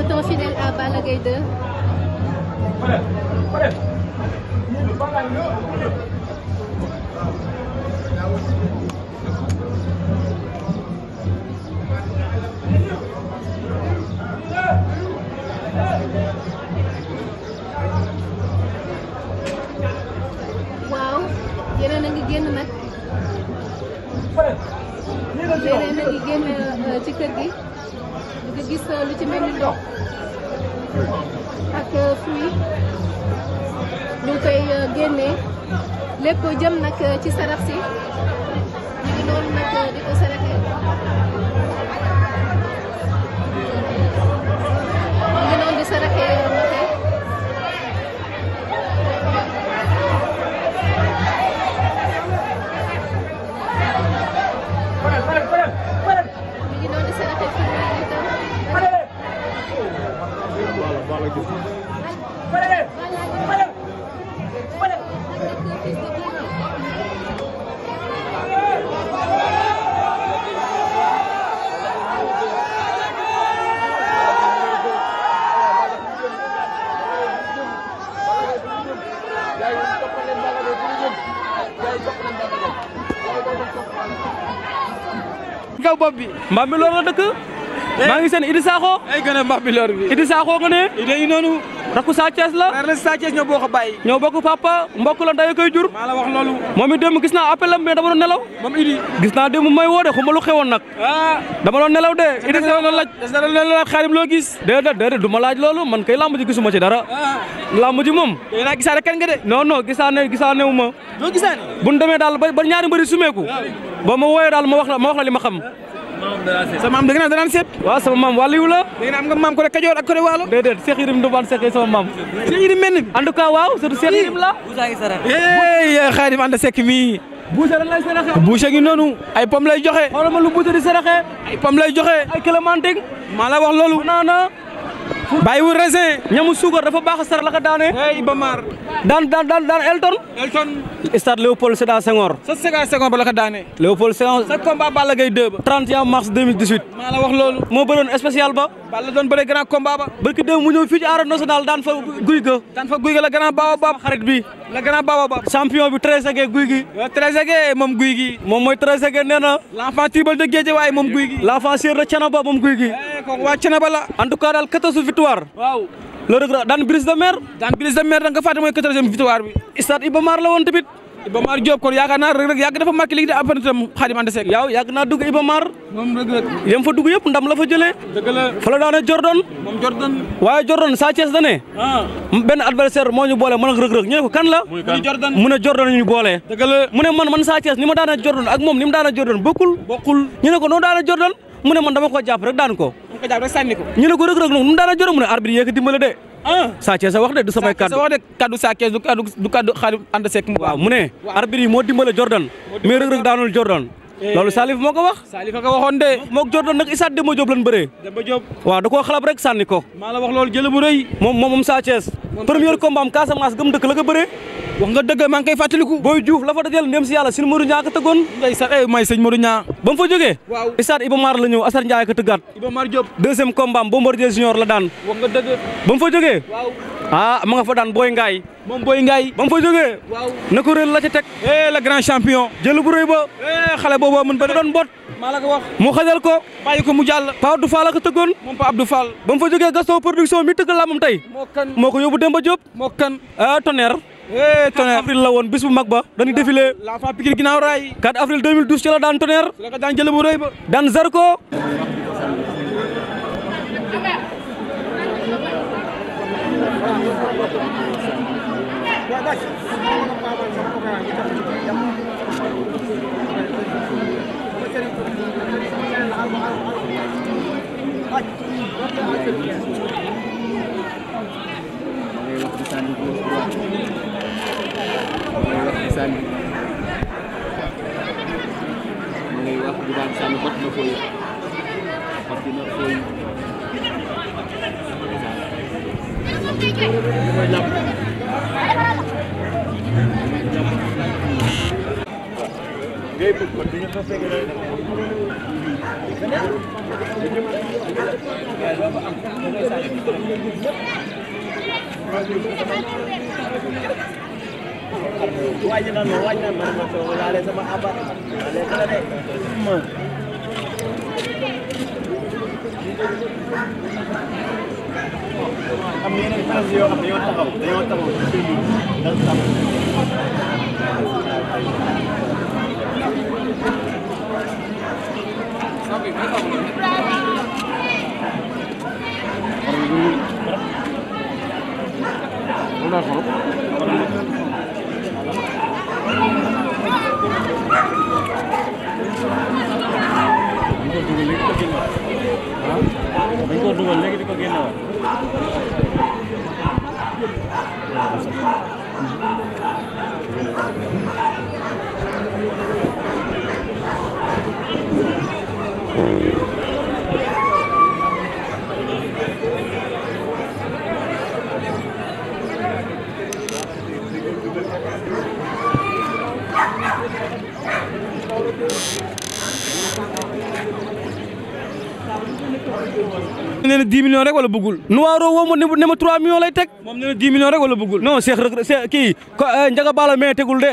C'est un fidèle à Balla Gaye 2. waaw yeneen a ngi génn nag yeneen génn ci gi. nga gis euh, lu ci mel ni ndox ak euh, fruit ñu koy euh, génnee lépp jëm nag ci sarax si ñu noonu nag di ko saraxee kaw bopp bi. mbaam mi loolu maa ngi seen Idi Sakho. ay gën a nga ne. rakku Sa la. rakku Sa Thiès ñoo bokk bàyyi. ñoo la nday koy jur. maa moom it démb gis naa appel am mais dama doon nelaw. gis naa démb may woo de xuma lu xewoon nag. Ah. dama doon nelaw de. Idi Sakho doon laaj. des na doon loo gis. déedéet déedéet du ma laaj loolu man kay lamb ji gisuma ci dara. Ah. lamb ji moom. yéen a gisaane kan nga de. non non gisaane gisaane wu ma. doo gisaane. bu ñu demee daal ba ñaari mbëri sumeeku. Ah. boo ma wooyee daal ma wax la ma wax la li ma xam sa maam da nga naan da daan seet waaw sama maam wàllu yu la da nga am nga ko rek kajoor ak ko rek waalo déedéet Cheikh Yérim Ndoubane Seck sama maam Cheikh Yérim mel en tout cas waaw surtout Cheikh Yérim la éy Khadim Anda Seck mii buuse lan lay saraxe buuse noonu ay pom lay joxe xoolal ma lu buuse di saraxe ay pom lay joxe ay clémentine maa la wax loolu naana bàyyiwul raisin ñamu suukar dafa baax a sar la ko daane. daan Elton. Elton. stade Léopold Sédar sa ba la ko daane. Léopold Senghor. sa combat Balla Gaye 2 ba. 31 mars 2018. maa la wax loolu. moo bëroon spécial ba. Balla doon bëre grand combat ba. ñëw fii ci arène daan fa guy ga. daan fa guy ga la grand baba bab xarit bi. la grand baba bab. champion bi très aigué guy gi. Euh, moom guy gi. moom mooy très aigué nee na. l'enfant tribal de moom guy gi. kooku waa Cenaba la en tout victoire waaw le daan brise de mer daan brise de mer da victoire bi stade la woon tamit Iba Mar kon yaakaar naa rek rek yàgg dafa marqué léegi di appartient tam Khadim Anta Seck yaaw yàgg naa dugg yem ndam la fa jëlee dëgg la fa la daane Jordan moom Jordan waaye Jordan Sa Thiès dane ah. benn adversaire moo ñu boole mën ak rek ko kan la mu ne Jordan ñu boole dëgg la man man Sa Thiès ni ma daane Jordan ak moom ni mu daane Jordan bokkul bokkul ñu ne ko noo daane Jordan mu ne ko jàpp daan ko ko jàpp rek sànni ko ñu ne ko Reug Reug nag mu daana joro mu ne arbitre yéeg a dimbale de ah. Sa Thiès sa wax de du samay kaddu sa wax de kaddu Sa Thiès du kaddu du kaddu Xaadim ànd Seck mu waaw mu ne arbitre yi moo dimbale Jordan mais Reug Reug daanul Jordan Eh. loolu Salif moo ko wax. Salif a ko waxoon de. moog Jordan nag Issa Demba Diop lan bëree. Demba Diop waaw da koo xalab rek sànni ko. maa la wax loolu jëlee bu rëy. moom moom Sa Thiès. premier combat am Casamance gëm dëkk la ko bëree. wax nga dëgg maa ngi koy Boy Diouf la fa ndem si yàlla suñu Modou Niang ka tëggoon. ndeysaan eh, may sëñ Modou Niang. ba fa jógee. waaw Iba Mar la ñëw Assane Ndiaye ka tëggaat. Iba Mar Diop. deuxième combat am la daan. wax fa jógee. ah ma nga fa daan Boy Ngaay moom Boy Ngaay ba mu fa jógee la ca teg eh le grand champion jël bu rëy ba eh xale booba mën ba doon bot maa la ko wax mu xajal ko bàyyi ko mu jàll Pa Abdou Fall la ko tëggoon moom Pa Abdou Fall ba mi tëgg làmbam tey moo kan moo ko yóbbu Demba Diop moo kan ah tonnerre eh la woon bis bu mag ba dañuy défilé l'enfant Pikine ginnaaw raay 4 avril 2012 ci la daan tonnerre ko jël bu rëy ba daan Zarko Sani ma ngay wax di daan Sani bot na ko yëpp waaj na ma waaj na ma ma soo laale sama abat laale sama de ma am na yeneen phase yoo xam ne dañoo taxaw dañoo taxaw ci seen ndax sax. Thank you. génn nee na 10 millions rek wala bëggul Noiro woo ma ne ma 3 millions lay teg moom nee na 10 millions rek wala bëggul non Cheikh rek kii eh, Ndiaga Balla mais tegul de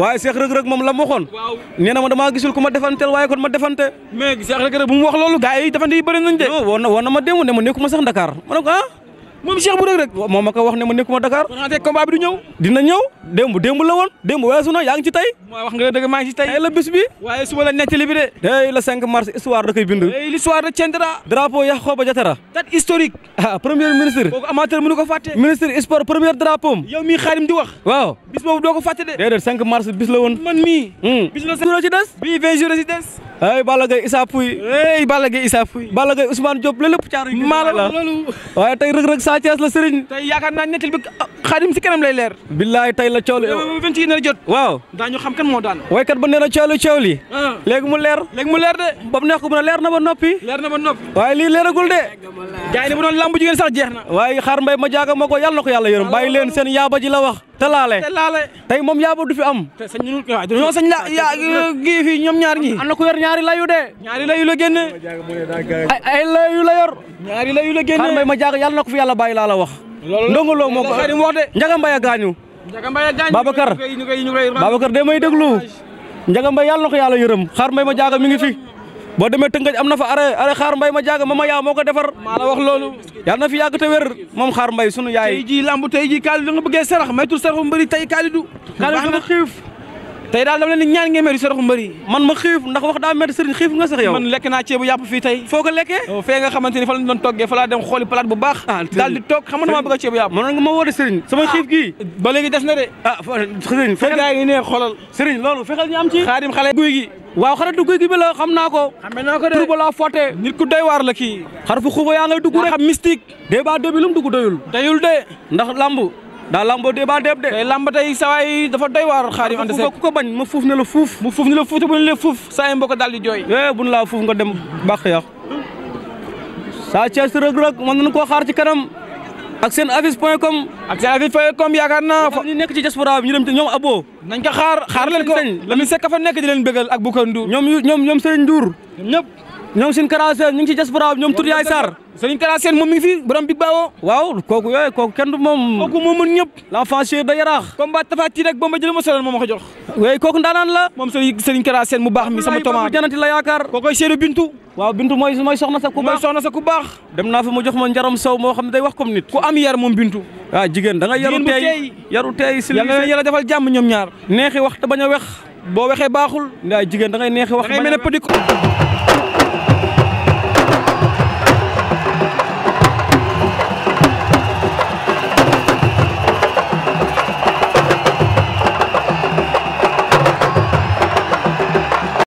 waaye Cheikh Reug Reug moom la mu waxoon nee na ma damaa gisul ku ma defanteel waaye kon ma defante mais Cheikh Reug Reug bu mu wax loolu gars yi defante yi bëri nañ de woon na ma démb ne ma nekkuma sax Dakar ma ne ko ah moom Cheikh bu Reug Reug moom ma ko wax ne ma nekkuma Dakar xanaa combat bi du ñëw dina ñëw démb démb la woon démb weesu na yaa nga ci tey la bis waaye suba la nettali bi de day la 5 mars histoire da koy bind l'histoire de Thiendra drapeau Yankhoba Diattara date historique ah premier ministre kooku amateur mënu ko ministre sport premier drapeau yow mii xaarim di wax waaw bis doo ko fàtte de déedéet la woon man mii hmm. la ci des bii 20 jours Sa Thiès la sëriñ. tey yaakaar naa nettal bi ah, xaadim si kanam lay leer. billaay tey la coow li. jot. waaw daañu xam kan moo daan. waykat ba nee na coow li coow ah. mu leer. léegi mu leer de. ba mu neex ko bu ne leer na ba noppi. leer na ba noppi. waaye lii leeragul de. gars yi bu doon lamb jigéen sax jeex na. waaye xaar mbay ma jaaga ma ko yal na ko yàlla yërëm bàyyi leen seen yaaba ji la wax te laale te tey moom yaa du fi am te sañ ñun ñoo sañ la yaa gi fii ñaar ñi am na ku yor ñaari layu de la génne ay layu la yor ñaari layu la génne xaar mbay ma jaaga yal na ko fi yàlla bàyyi laa la wax ndongo loo moo ko wax de njaga mbay a gaañu njaga mbay a gaañu Babacar Babacar de may déglu njaga mbay yàlla na ko yàlla yërëm xaar mbay ma jaaga mi ngi fi boo demee Tëngéej am na fa arrêt arrêt xaar mbay ma jaaga mama yaa moo ko defar maa la wax loolu yàlla na fi yàgg te wér moom xaar mbay sunu yaay tey jii lamb tey jii Kalidou da nga bëggee sarax maytul saraxu mbëri tey Kalidou Kalidou dafa xiif tey daal dama leen di ñaan ngeen meeru saraxu mbëri man ma xiif ndax wax daa metti sëriñ xiif nga sax yow man lekk naa ceebu yàpp fii tey foo ko lekkee oh, fee nga xamante ni fa lañ doon toggee fa laa dem xooli palaat bu baax ah, daal di toog xam nga maa bëgg a ceebu nga ma woote sëriñ sama ah, xiif gii ba léegi des na de ah ci xaadim xale guy gi waaw xaritu guy gi bi xam naa ko tur ba laa foote nit ku doy waar la kii xar fu xuuba yaa ngay dugg rek xam daa lamboo débat déeb de tey lamb tey sawaay dafa doy waar xaar yu ànd ku ko bañ ma fuuf ne la fuuf mu fuuf ne la fuuf te bu ne la fuuf saa yi mbokk daal jooy é eh, bu nu laa fuuf nga dem bàq yàq Sa Thiès Reug Reug mën nañu koo xaar ci kanam ak seen affiche point com ak seen affiche point com yaakaar naa fa ñu nekk ci diaspora bi ñu dem ci ñoom abo nañ ko xaar xaar leen ko la mi sekk fa nekk di leen bégal ak bu kandu ñoom ñoom ñoom Serigne Ndour ñëpp ñoom seen Kara Sène ñu ngi ci diaspora ñoom Toure Yaay Sarr sëriñ Kara Sène moom mi ngi fi borom Big Bawo waaw kooku yooyu kooku kenn du moom kooku moo mën ñëpp l'enfant chéri de Yaraax combat Tapha Tine rek bomba jël ma solal moom ma ko jox waaye kooku ndaanaan la moom sëriñ sëriñ Kara Sène mu baax mi sama tomaa janati la yaakaar kookoy chéri Bintu waaw Bintu mooy mooy soxna sa ku baax mooy soxna sa ku baax dem naa fa mu jox ma njaram sow moo xam ne day wax comme nit ku am yar moom Bintu waaw ah, jigéen da nga yaru teey yaru teey si yàlla defal jàmm ñoom ñaar neexi wax te bañ a wex boo waxee baaxul ndaa jigéen da ngay neexi wax